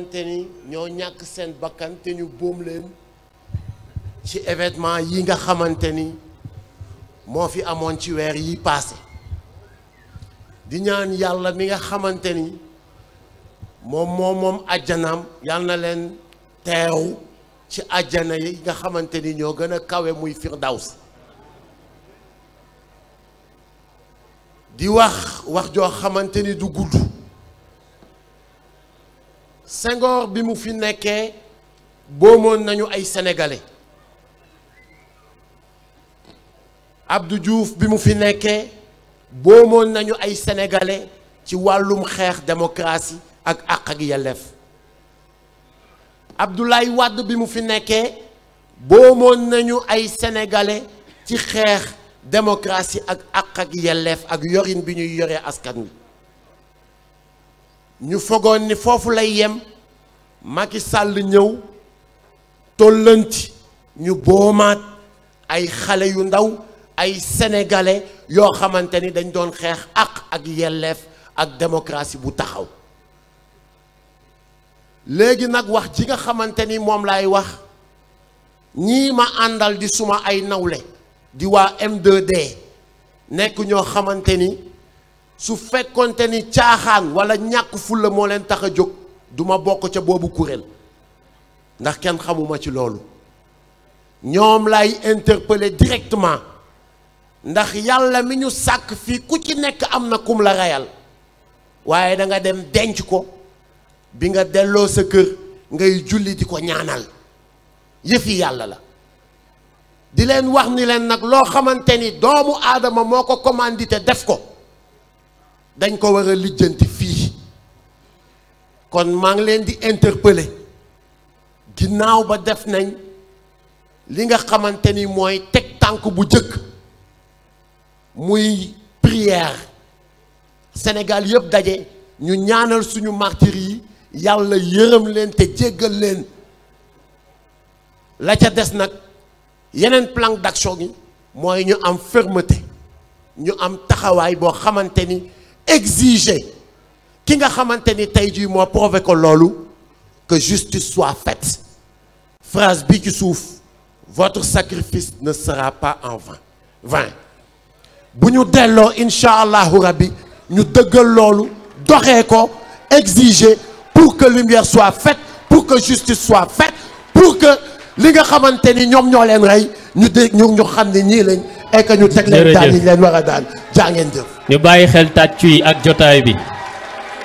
xamante ni ñoo ñàkk seen bakkan te ñu boom leen ci événement yi nga xamante ni moo fi amoon ci weer yi passé di ñaan yàlla mi nga xamante ni moom moom moom àjjanaam yàlla na leen teeru ci àjjana yi nga xamante ni ñoo gën a kawe muy firdaws di wax wax joo xamante ni du gudd sengoor bi mu fi nekkee boomoon nañu ay senegale abdu juuf bi mu fi nekkee boomoon nañu ay senegale ci wàllum xeex démocratie ak àq ak yelleef Abdoulaye Wade bi mu fi nekkee boomoon nañu ay senegale ci xeex démocratie ak àq ak yelleef ak yorin bi ñuy yore askan wi ñu fogoon ni foofu lay yem Macky Sall ñëw tollanti ñu boomaat ay xale yu ndaw ay senegale yoo xamante ni dañ doon xeex ak ak yelleef ak démocratie bu taxaw léegi nag wax ji nga xamante ni moom laay wax ñii ma àndal di suma ay nawle di waa m nekk ñoo xamante ni su fekkonte ni caaxaan wala ñàkk fulla moo leen tax a jóg duma bokk ca boobu kuréel ndax kenn xamuma ci loolu ñoom lay interpeller directement ndax yàlla mi ñu sàkk fii ku ci nekk am na kum la rayal waaye danga dem denc ko bi nga delloo sa kër ngay julli di ko ñaanal yëfi yàlla la di leen wax ni leen nag loo xamante ni doomu aadama moo ko commandité def ko dañ ko war a lijjanti kon maa ngi leen di interpeller ginnaaw ba def nañ li nga xamante ni mooy teg tànk bu jëkk muy prière Sénégal yëpp daje ñu ñaanal suñu martyrs yi yàlla yërëm leen te jéggal leen la ca des nag yeneen plan d'action yi mooy ñu am fermeté ñu am taxawaay boo xamante ni exiger ki nga xamante ni tey jii moo prouvé ko loolu que justice soit faite phrase bi ci suuf votre sacrifice ne sera pas en vain vain bu ñu delloo incha allahu rabbi ñu dëggal loolu doxee ko exiger pour que lumière soit faite pour que justice soit faite pour que li nga xamante ni ñoom ñoo leen rey ñu dégg ñu xam ne ñii lañ et ñu teg leen daan yi leen war a daan jaa ngeen jëf ñu bàyyi xel tàccu yi ak jotaay bi